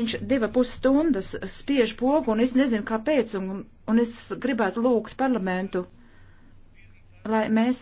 Viņš diva pusstundas spiež pogu, un es nezinu, kāpēc, un, un es gribētu lūgt parlamentu, lai mēs